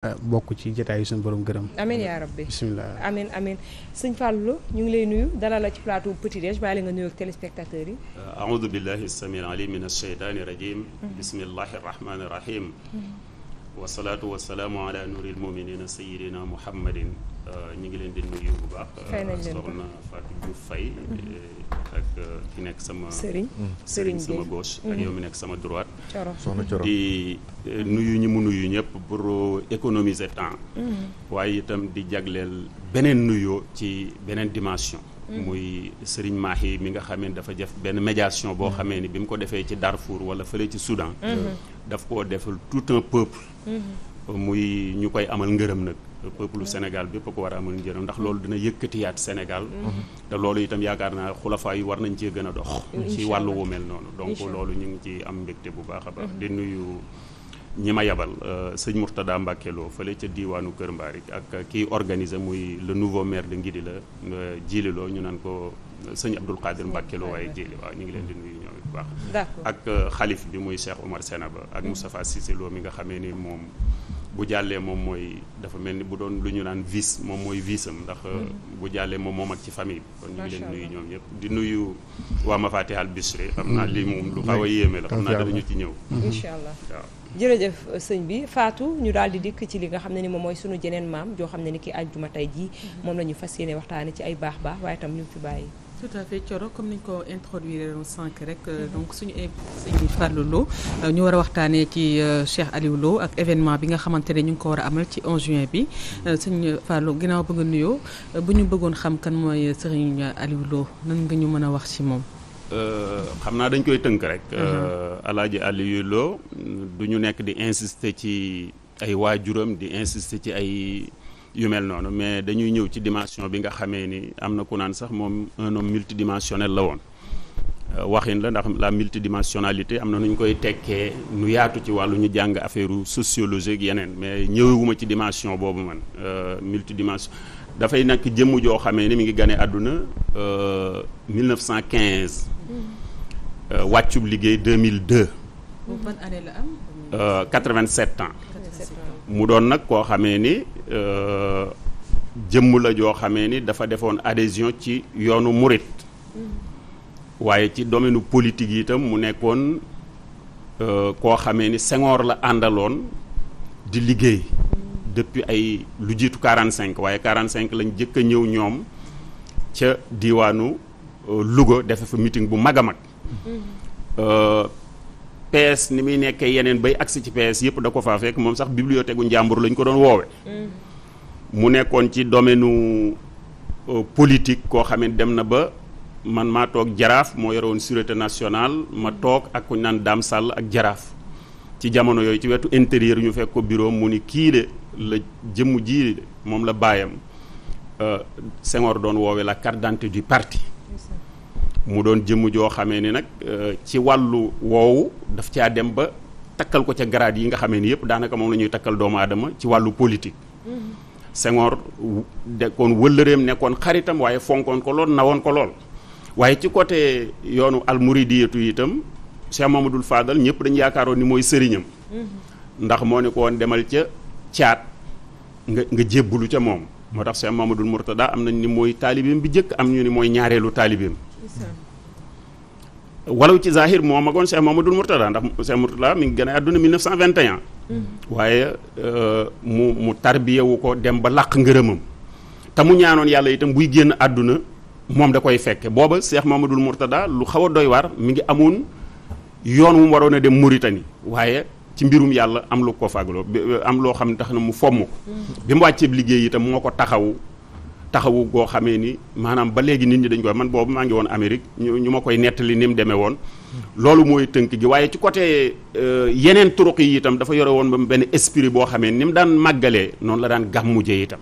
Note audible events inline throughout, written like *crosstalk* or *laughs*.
Ah, bokk ci jotaayu suñ borom gërëm. amiin yaa rabbi bisimilah amiin amiin ñu ngi lay nuyu dalal la ci plateau Petit Déj bàyyi la nga nuyoog téléspectateurs yi. aoudu ah, billahi samiil alim min ashaytaani rajim. Mm-hmm. bismillahi rahmaani rahim. Mm-hmm. wasalaatu wasalaamu ala nuuril muminina sayidina muhammadin ah, ñu ngi leen di nuyu ak euh, ki nekk sama. sëriñ sëriñ mm. sama gauche. ak mm. yow mu nekk sama droite. soxna Coro di euh, nuyu ñi mu nuyu ñëpp pour euh, économiser temps. Mm. waaye itam di jagleel beneen nuyoo ci beneen dimension. muy Serigne Mahi mi nga xamee dafa def benn médiation boo xamee ni bi mu ko defee ci Darfour wala fële ci Soudan. daf koo deful tout un peuple. muy ñu koy amal ngërëm nag. peuple Sénégal bépp ko war a amal njëriñ ndax loolu dina yëkkatiyaat Sénégal te loolu itam yaakaar naa xulafaa yi war nañ cee gën a dox ci wàllu wu noonu donc loolu ñu ngi ci am mbégte bu baax a baax mm-hmm. di nuyu ñi ma yabal euh, sëñ Mourtada Mbacke Lo fële ca diiwaanu Kër Mbaarik ak kiy organisé muy le nouveau maire de di la euh, Jili Lo ñu naan ko euh, sëñ Abdoul Qadir Mbacke waaye Jili waaw ñu ngi leen di nuyu ñoom bu baax ak xalif bi muy Cheikh Omar Senaba ak mm-hmm. Moustapha Cissé mi nga xamee ni moom bu jàllee moom mooy dafa mel ni bu doon lu ñu naan vis moom mooy vice am ndax euh, mm. bu jàllee moom moom ak ci famille bi kon ñu ngi leen nuyu ñoom ñëpp di nuyu waa Mafatihal Bichri xam naa mm. lii moom lu xaw a yéeme la xam naa danañu ci ñëw mm-hmm. incha allah waaw jërëjëf euh, sëñ bi Fatou ñu daal di dikk ci li nga xam ne ni moom mooy sunu jeneen maam joo xam ne ni ki àjjuma tey jii mm-hmm. moom la ñu fas yéene waxtaane ci ay baax baax waaye tam ñu fi bàyyi tout à fait Thioro comme ni ñu ko introduire sànq rek euh, donc suñu invité bi Fallou euh, ñu war a waxtaanee ci euh, Cheikh Aliou ak événement bi nga xamante ne ñu ngi ko war a amal ci 11 juin bi sëñ Fallou ginnaaw bëgg a nuyoo bu ñu bëggoon xam kan mooy sëriñ Aliou Lo nan nga ñu mën a wax ci moom. xam naa dañ koy tënk rek. Mhm. Alaaji Aliou Lo du ñu nekk di insister ci ay waajuram di insister ci ay. yu mel noonu mais dañuy ñëw ci dimension bi nga xamee ni am na ku naan sax moom un homme multidimensionnel la woon euh, waxin la ndax la multidimensionnalité am na nu ñu koy tekkee nu yaatu ci wàllu ñu jàng affaire sociologie ak yeneen mais ñëwewuma ci dimension boobu man euh, multidimension dafay nekk jëmm joo xamee ni mi ngi gane àdduna 1915 euh, wàccub liggéey 2002. ban année la am. 87 ans. 87 ans mu doon nag koo xamee ni. Euh, jëmm la joo xamee ni dafa defoon adhésion ci yoonu murit mm-hmm. waaye ci domaine politique yi itam mu nekkoon euh, koo xamee ni Senghor la àndaloon di liggéey mm-hmm. depuis ay lu jiitu 45 waaye 45 lañ jëkk a ñëw ñoom ca diwaanu euh, Louga defe fa meeting bu mag a mag. Mm-hmm. PS ni muy nekkee yeneen bay agsi ci PS yëpp da ko faa fekk moom sax bibliothèque gu njàmbur lañ ko doon woowe mu nekkoon ci domaine euh, politique koo xam dem na ba man maa toog jaraaf moo yore woon sûreté nationale ma toog ak ku naan Dame Sall ak jaraaf ci jamono yooyu ci wetu intérieur ñu fekk ko bureau mu ni kii de la jëmm ji moom la baayam euh, Senghor doon woowe la carte d'identité du parti mu doon jëmm joo xamee ni nag euh, ci wàllu woowu daf caa dem ba takkal ko ca garaat yi nga xamee ni yëpp daanaka moom la ñuy takkal doomu adama ci wàllu politique. Mm-hmm. sengoor de kon wëllëreem nekkoon xaritam waaye fonkoon ko lool nawoon ko lool. waaye ci côté yoonu almuridiyatu itam Cheikh Mamadou Fadal ñëpp dañu yaakaaroon ni mooy sëriñam. Mm-hmm. ndax moo ne ko woon demal ca caat nga nga jébbalu ca moom. moo tax Cheikh Mamadou Mourtada am nañ ni mooy taalibeem bi njëkk am ñu ni mooy ñaareelu taalibeem walaw ci zahir moo magoon Cheikh Mamadou Mourtada ndax Cheikh Mourtada mi ngi gën a àdduna 1921 waaye euh, mu mu tarbiyewu ko dem ba làq ngërëmam te mu ñaanoon yàlla itam buy génn àdduna moom da koy fekke booba Cheikh Mamadou Mourtada lu xaw a doy waar mi ngi amoon yoon wu mu waroon a dem Mauritanie waaye ci mbirum yàlla am lu ko faagloo am loo xam ne tax na mu fomm ko mm. bi mu wàcceeb liggéey itam moo ko taxaw taxawu goo xamee ni maanaam ba léegi nit ñi dañ koy man boobu maa ngi woon Amérique ñu ñu ma koy nettali ni mu demee woon mm. loolu mooy tënk gi waaye ci côté euh, yeneen turuq yi itam dafa yore woon ba mu benn esprit boo xamee ni mu daan màggalee noonu la daan gàmmujee itam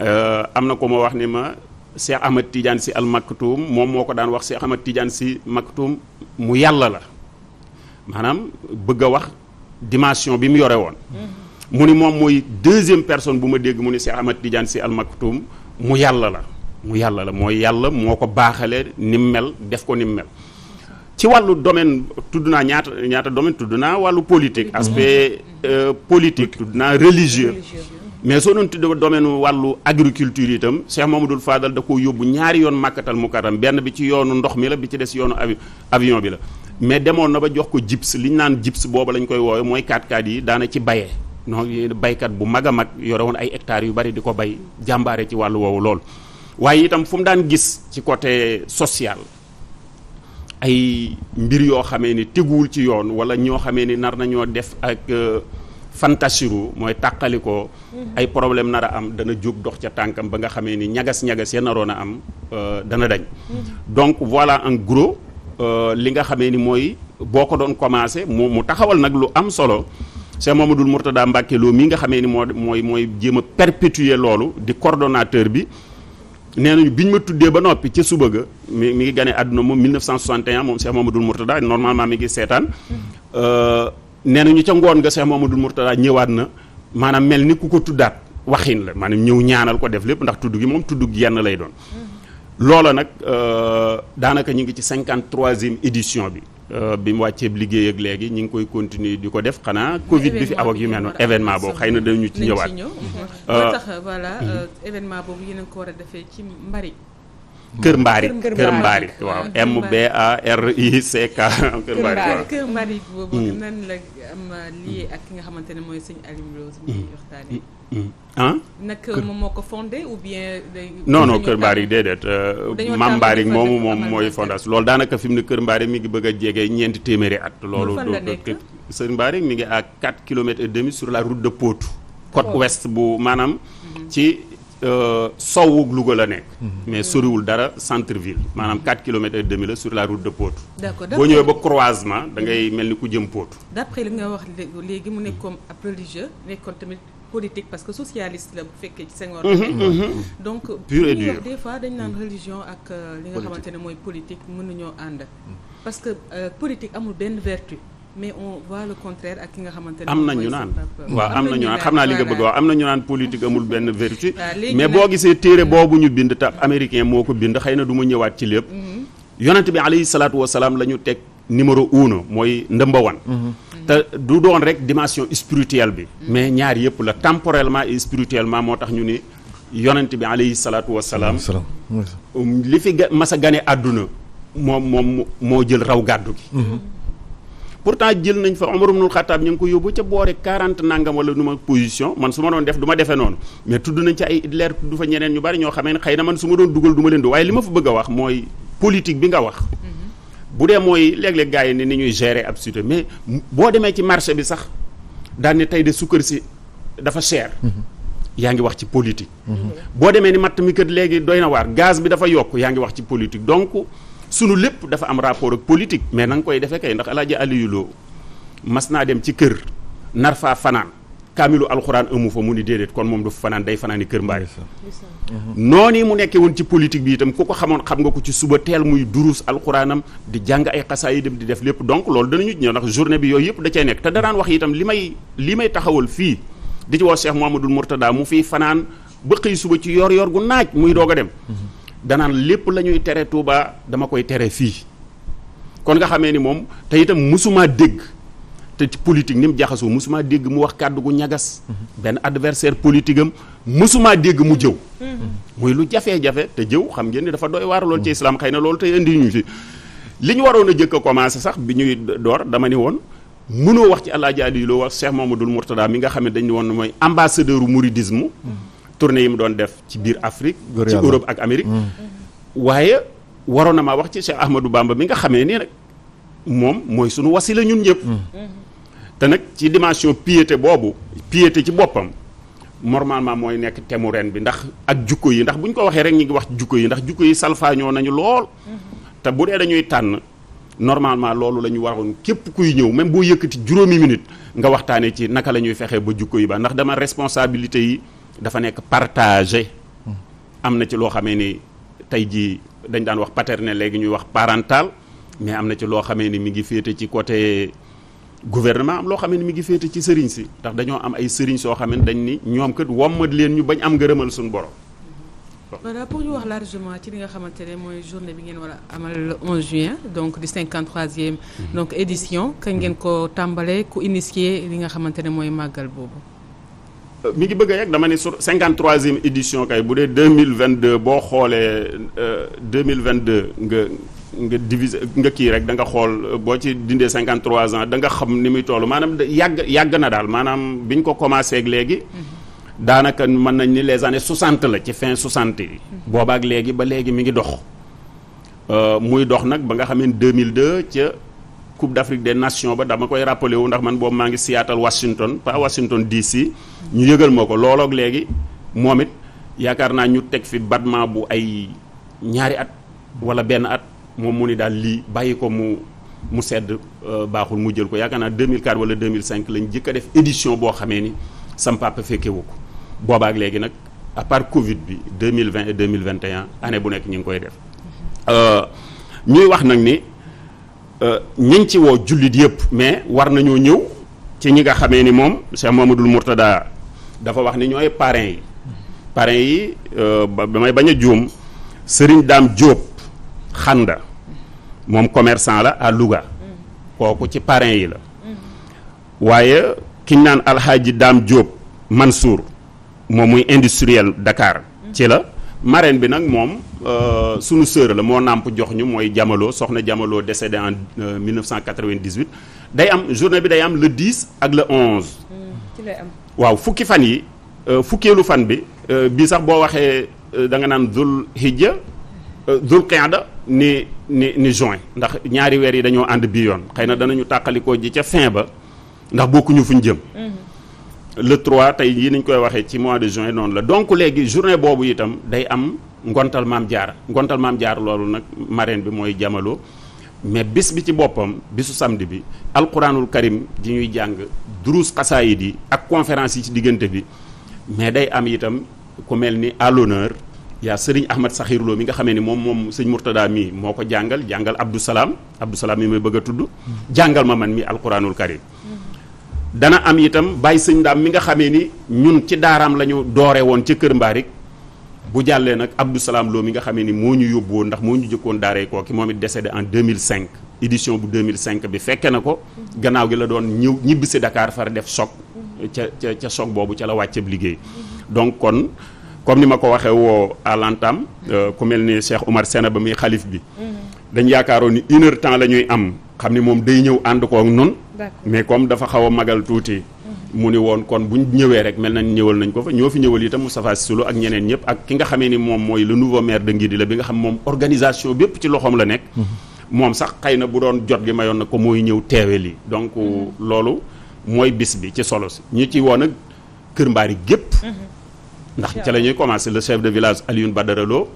euh, am na ko ma wax ni ma Cheikh Ahmad Tidiane si al Maktoum moom moo ko daan wax Cheikh Ahmad Tidiane si Maktoum mu yàlla la maanaam bëgg a wax dimension bi mu yore woon. mu ni moom mooy deuxième personne bu ma dégg mu ni Cheikh Ahmad Tidiane Sy Al Maktoum mu yàlla la mu yàlla la mooy yàlla moo ko baaxalee ni mu mel def ko ni mu mel. ci wàllu domaine tudd naa ñaata ñaata domaine tudd naa wàllu politique. aspect euh, politique tudd naa religieux. mais soo doon tudd domaine wàllu agriculture itam moom Mamadou Fadal da ko yóbbu ñaari yoon màkkatal mu karam benn bi ci yoonu ndox mi la bi ci des yoonu avion bi la. mais demoon na ba jox ko jips li ñu naan jips booba lañ koy woowe mooy 4x4 yi daana ci baye non baykat bu mag a mag yore woon ay hectares yu bari di ko bay jàmbaare ci wàllu woowu lool. waaye itam fu mu daan gis ci côté social ay mbir yoo xamee ni teguwul ci yoon wala ñoo xamee ni nar nañoo def ak euh, fantasiru mooy tàqali ko mm-hmm. ay problème nar am dana jóg dox ca tànkam ba nga xamee ni ñagas-ñagas ya naroon a am euh, dana dañ mm-hmm. donc voilà en gros Euh, li nga xamee ni mooy boo ko doon commencé mu mu taxawal nag lu am solo Cheikh Mamadou Mourtada Mbacke loo mii nga xamee ni moo mooy mooy jéem a perpétuer loolu di coordonnateur bi nee nañu bi ñu ma tuddee ba noppi ca suba ga mi mi ngi gane àdduna moom 1961 moom Cheikh Mamadou Mourtada normalement mi ngi seetaan euh, nee nañu ca ngoon nga Cheikh Mamadou Mourtada ñëwaat na maanaam mel ni ku ko tuddaat waxin la maanaam ñëw ñaanal ko def lépp ndax tudd gi moom tudd yenn lay doon loola nag euh, daanaka ñu ngi ci cinquante troisième édition bi euh, bi mu wàccee liggéey ak léegi ñu ngi koy continuer di ko def xanaa Covid bi fi awak yu mel noonu événement boobu xay na dañu ci ñëwaat. Euh, tax voilà événement boobu yéen ko defee ci mbari Kër Mbari Kër waaw M B *laughs* Kër Mbari boobu hmm. nan la am lié ak ki nga xamante ne mooy sëñ Alioune Rose hmm. Hmm. Ah? ko fondé ou bien. non non Kër Mbari déedéet. Euh, moomu moom mooy fondation loolu daanaka fi mu ne Kër Mbari mi ngi bëgg a jege ñeenti téeméeri at. loolu doo sëñ Mbari mi ngi ak 4 kilomètres et demi sur la route de Potou. côte oh. ouest bu maanaam mm-hmm. ci. Euh, sowwu Louga la nekk. mais soriwul dara centre ville maanaam 4 kilomètres et demi la sur la route de Potou. d'accord boo ñëwee ba croisement da mel ni ku jëm Potou. d'après li nga wax léegi mu nekkoon ab religieux nekkoon tamit politique parce que socialiste la bu fekkee ci Senghor. Mhm, mhm. donc pur et dur des fois dañ naan religion ak euh, li nga xamante mooy politique mënuñoo ànd. parce que euh, politique amul benn vertu. mais on ak ki nga xamante ne am na ñu naan waaw am na ñu naan xam naa li nga bëgg wax am na ñu naan politique amul benn vérité mais boo gisee téere boobu ñu bind te américain moo ko bind xëy na duma ñëwaat ci lépp mhm. yonent bi alayhi salaatu wasalaam la ñu teg numéro uno mooy ndëmba wan mhm. te du doon rek dimension spirituelle bi mais ñaar yëpp la temporellement et spirituellement moo tax ñu ni yonent bi alayhi salaatu wasalaam um, li fi masa gane àdduna moom moom moo jël raw gàddu gi mhm. pourtant jël nañ fa Omar ibn Khattab ñu ngi ko yóbbu ca boore 40 nangam wala nu ma position man su ma doon def du ma noonu mais tudd nañ ci ay Hitler tudd fa ñeneen ñu bari ñoo xamee ne xay na man su ma doon dugal du ma leen du waaye li ma fa bëgg a wax mooy politique bi nga wax bu dee mooy léeg-léeg gars yi ni ni ñuy gérer ab cité mais boo demee ci marché bi sax daan ne tey de sukkar si dafa cher yaa ngi wax ci politique mhm. boo demee ni matt mi kat léegi na waar gaz bi dafa yokk yaa ngi wax ci politique donc sunu lépp dafa am rapport ak politique mais nanga koy defee kay ndax alaaji Aliyu mas naa dem ci kër nar faa fanaan kaamilu alxuraan amu fa mu ni déedéet kon moom du fanaan day fanaani kër mbaay mm-hmm. noonu mu nekkee woon ci politique bi itam ku ko xamoon xam nga ko ci suba teel muy duruus alxuraanam di jàng ay xasaa yi dem di def lépp donc loolu danañu ñëw ndax journée bi yooyu yëpp da cee nekk te daraan wax itam li may li may taxawal fii di ci woo Cheikh Mouhamadoul Mourtada mu fiy fanaan ba xëy suba ci yor yor naaj muy doog a dem mm-hmm. danaan lépp la ñuy tere Touba dama koy tere fii kon nga xamee ni moom te itam musumaa dégg te ci politique ni mu jaxasoo musumaa dégg mu wax kàddu gu ñagas benn adversaire politique am musumaa dégg mu jëw muy lu jafe-jafe te jëw xam ngeen ni dafa doy waar lool ci islam xëy na loolu te indi ñu fi li ñu waroon a jëkk a commencé sax bi ñuy door dama ni woon mënoo wax ci àllaaji Aliyu loo wax Cheikh Mamadou Mourtada mi nga xam ne dañ ni woon mooy ambassadeur u mouridisme tournée yi mu doon def ci biir Afrique. ci Europe ak Amérique. Mm. waaye waroon na ma wax ci Cheikh Ahmadou Bamba mi nga xamee ni nag moom mooy sunu was wasila ñun ñëpp. Mm. te nag ci dimension piété boobu. piété ci boppam. normalement mooy nekk temu ren bi ndax ak jukko yi ndax bu ñu ko waxee rek ñu ngi wax jukko yi ndax jukko yi salfaañoo nañu lool. Mm-hmm. te bu dee dañuy tànn normalement loolu la ñu waroon képp kuy ñëw même boo yëkkati juróomi minute nga waxtaanee ci naka la ñuy fexee ba jukko yi ba ndax dama yi. dafa nekk partagé. am na ci loo xamee ni tey jii dañ daan wax paternel léegi ñuy wax parental mais am na ci loo xamee ni mi ngi féete ci côté gouvernement am loo xamee ni mi ngi féete ci sëriñ si ndax dañoo am ay sëriñ soo xamee ni dañ ni ñoom kat wommat leen ñu bañ am ngërëmal suñu borom. voilà pour ñu wax largement ci li nga xamante ne mooy journée bi ngeen war a amal le juin donc di 53e mhm. donc édition ka ngeen ko tàmbalee ku initié li nga xamante ne mooy màggal boobu. mi ngi bëgg a yegg dama ne sur 53e édition kay bu dee 2022 boo xoolee euh, deux mille 2022 nga nga divise nga kii rek da nga xool euh, boo ci dindee 53 ans da nga xam ni muy toll maanaam yàgg yàgg na daal maanaam bi ñu ko commencé léegi. Mhm. daanaka mën nañ ni les années 60 la ci fin 60 yi. Mhm. boobaak léegi ba léegi mi ngi dox. Euh, muy dox nag ba nga xam mille 2002 ca. coupe d'Afrique des nations ba dama koy rappelé wu ndax man boobu maa ngi Seattle Washington pas Washington DC. ñu yëgal ma ko loolook léegi moom it yaakaar naa ñu teg fi battement bu ay ñaari at wala benn at moom mu ni daal lii bàyyi ko mu mu sedd euh, baaxul mu jël ko yaakaar naa 2004 wala 2005 lañ jëkk def édition boo xamee ni sam papa fekkewu ko boobaak léegi nag à part Covid bi 2020 et 2021 année bu nekk ñu ngi koy def euh, ñuy wax nag ni. Euh, ñi ci woo jullit yëpp mais war nañoo ñëw ci ñi nga xamee ni moom Cheikh Mamadou Mourtada dafa wax ni ñooy parrain yi parrain yi damay euh, bañ a juum Serigne Dame Diop Xanda moom commerçant la à Louga kooku ci parrain yi la waaye kiñ naan Alxaaji Dame Diop Mansour moom muy industriel Dakar ci la marraine bi nag moom Euh, sunu sœur la moo nàmp jox ñu mooy Diamalo soxna Diamalo décédé en 1998 euh, day am journée bi day am le 10 ak le 11. Hmm, ci waaw fukki fan yi euh, fukkeelu fan bi bii sax boo waxee da nga naan Zul Hijja Zul Qiyada ni ni ni juin ndax ñaari weer yi dañoo ànd bii yoon xëy na danañu tàkkalikoo ji ca fin ba ndax bokkuñu fuñ jëm. Hmm. le 3 tey yii niñ koy waxee ci mois de juin noonu la donc léegi journée boobu itam day am ngontal maam jaar ngontal maam jaar loolu nag marine bi mooy jamaloo mais bis bi ci boppam bisu samd bi alquranul karim di ñuy jàng duruus xasaayid yi ak conférence yi ci diggante bi mais day am itam ku mel ni à l'honneur yaa sëriñ ahmad saxiir loo mi nga xamee ni moom moom sëñ murtada mii moo ko jàngal jàngal abdou salaam abdou salaam mi may bëgg a tudd jàngal ma man mi alquranul karim dana am itam bàyyi sëñ daam mi nga xamee ni ñun ci daaraam la ñu doore woon ca Kër Mbaarik bu jàllee nag Abdou Salaam Lo mi nga xamee ni moo ñu yóbbu woon ndax moo ñu jëkkoon daaree kooki moom it décédé en 2005 édition bu 2005 bi fekke na ko gannaaw gi la doon ñëw ñibbi si Dakar far def choc ca ca ca choc boobu ca la wàcceb liggéey donc kon comme ni ma ko waxee woo à l'entame euh, ku mel ni Cheikh Oumar Sène ba muy xalif bi mm-hmm. dañ yaakaaroon ni une temps la ñuy am xam ni moom day ñëw ànd kook nun mais comme dafa xaw a magal tuuti. mu ni woon kon buñ ñëwee rek mel na ñëwal nañ ko fa ñoo fi ñëwal itam Moustapha Sissolo ak ñeneen ñëpp ak ki nga xamee ni moom mooy le nouveau maire de Ngidi la bi nga xam moom organisation bépp ci loxoom la nekk. Mhm. moom sax xëy na bu doon jot gi mayoon na ko mooy ñëw teewe lii donc mhm. loolu mooy bis bi ci solo si ñu ci woon ak Kër Mbaari gépp mhm. ndax ca la ñuy commencé le chef de village Alioune Badara Lo.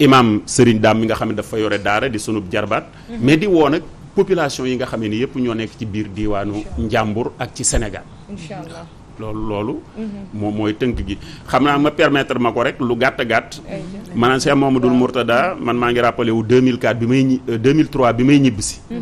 imam Serigne Dame mi nga xam ne dafa yore daara di sunub jarbaat population yi nga xam ni yëpp ñoo nekk ci biir diiwaanu Njàmbur ak ci Sénégal. incha loolu loolu. Mhm. moom mooy tënk gi xam naa ma permettre ma ko rek lu gàtt gàtt. maanaam Cheikh Mamadou Mourtada man maa ngi rappelé wu 2004 bi may ñi 2003 euh, bi may ñibbisi. Mhm.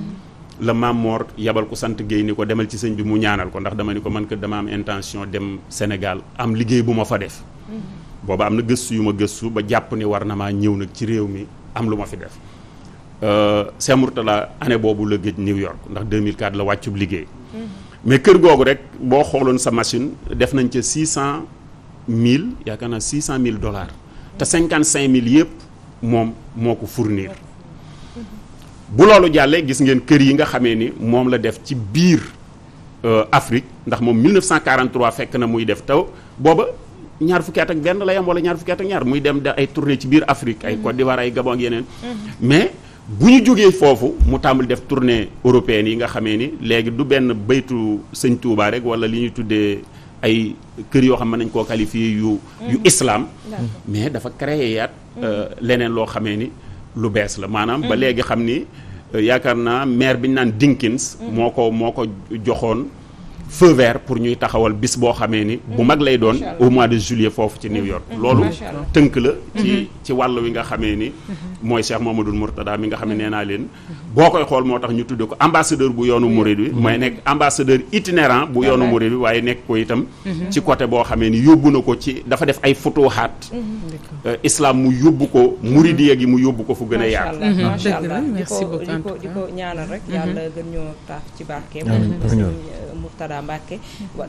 la maam moor yabal ko sant géey ni ko demal ci sëñ bi mu ñaanal ko ndax dama ni ko man kër dama am intention dem Sénégal am liggéey bu ma fa def. Mhm. booba am na gëstu yu ma gëstu ba jàpp ni war na maa ñëw nag ci réew mi am lu ma fi def. Euh, Cheikh Mourtala année boobu la géej New York ndax 2004 la wàccub liggéey. Mm-hmm. mais kër googu rek boo xooloon sa machine def nañ ca 600 000 yaakaar naa 600 000 dollars. te 55 000 yëpp moom moo ko fournir. Mm-hmm. bu loolu jàllee gis ngeen kër yi nga xamee ni moom la def ci biir euh, Afrique ndax moom 1943 fekk na muy def taw booba ñaar fukki at ak benn la yam wala ñaar fukki at ak ñaar muy dem da ay tournée ci biir Afrique ay mm-hmm. Côte d'Ivoire ay Gabon yeneen. mais. bu ñu jógee foofu mu tàmbali def tournée européenne yi nga xamee ni léegi du benn baytu sëñ Touba rek wala li ñuy tuddee ay kër yoo xam ne nañ koo qualifié yu yu mm-hmm. islam mais dafa créé yaat euh, mm-hmm. leneen loo xamee ni lu bees la maanaam ba mm-hmm. léegi xam ni euh, yaakaar naa maire bi naan Dinkins moo ko moo ko joxoon feu vert pour ñuy taxawal bis boo xamee ni bu mag lay doon au mois de juillet foofu ci New York loolu tënk la mhm. ci wàll wi nga xamee ni mhm. mooy Cheikh Mamadou Mourtada mi nga xam ne mhm. naa leen boo koy xool moo tax ñu tudde ko ambassadeur bu yoonu Mouride bi mooy nekk ambassadeur itinérant bu yoonu Mouride bi waaye nekk ko itam ci côté boo xamee ni yóbbu na ko ci dafa def ay futuhaat islaam mu yóbbu ko Mouridiya gi mu yóbbu ko fu gën a yaatu macha allah di ko ñaanal Mourtada Mbacke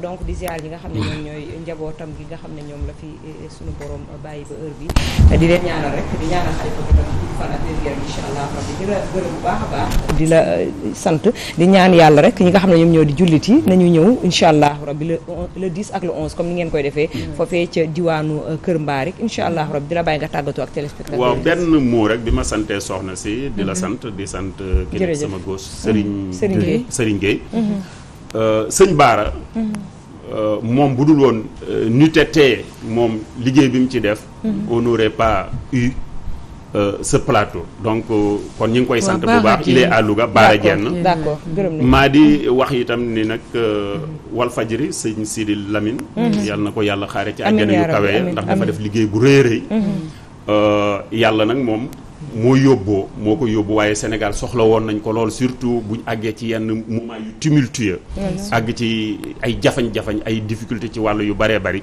donc di ziar yi nga xam ne ñoom ñooy njabootam gi nga xam ne ñoom la fi eh, suñu borom bàyyi ba heure bi di la a baax la eh, sant di ñaan yàlla rek ñi nga xam ne ñoom ñoo di jullit yi nañu ñëw incha allah rabbi le le 10 ak le 11 comme ni ngeen koy defee mm-hmm. foofee ca diwaanu eh, Kër Mbaarik incha allah rabbi di la bàyyi nga tàggatoo ak téléspectateur waaw benn mot rek bi ma santee soxna si di la mm-hmm. sant di sant ki sama góos Serigne mm-hmm. Serigne Gueye Euh, sëñ Baara. Euh, moom bu dul woon nu te tee moom liggéey bi mu ci def. Mhm. on n'aurait pas eu euh, ce plateau. donc kon ñu ngi koy sant bu baax il est à Louga Baara Dieng. d'accord gërëm maa di wax itam ni nag mhm. Walfajri sëñ Sidi Lamine. Mhm. yàlla na ko yàlla xaare ci àjjana yu kawe ndax dafa def liggéey bu rëy rëy. yàlla nag moom. moo yóbboo moo ko yóbbu waaye Sénégal soxla woon nañ ko lool surtout bu ñu àggee ci yenn moment yu tumultueux àgg ci ay jafañ-jafañ ay difficulté ci wàll yu baree bari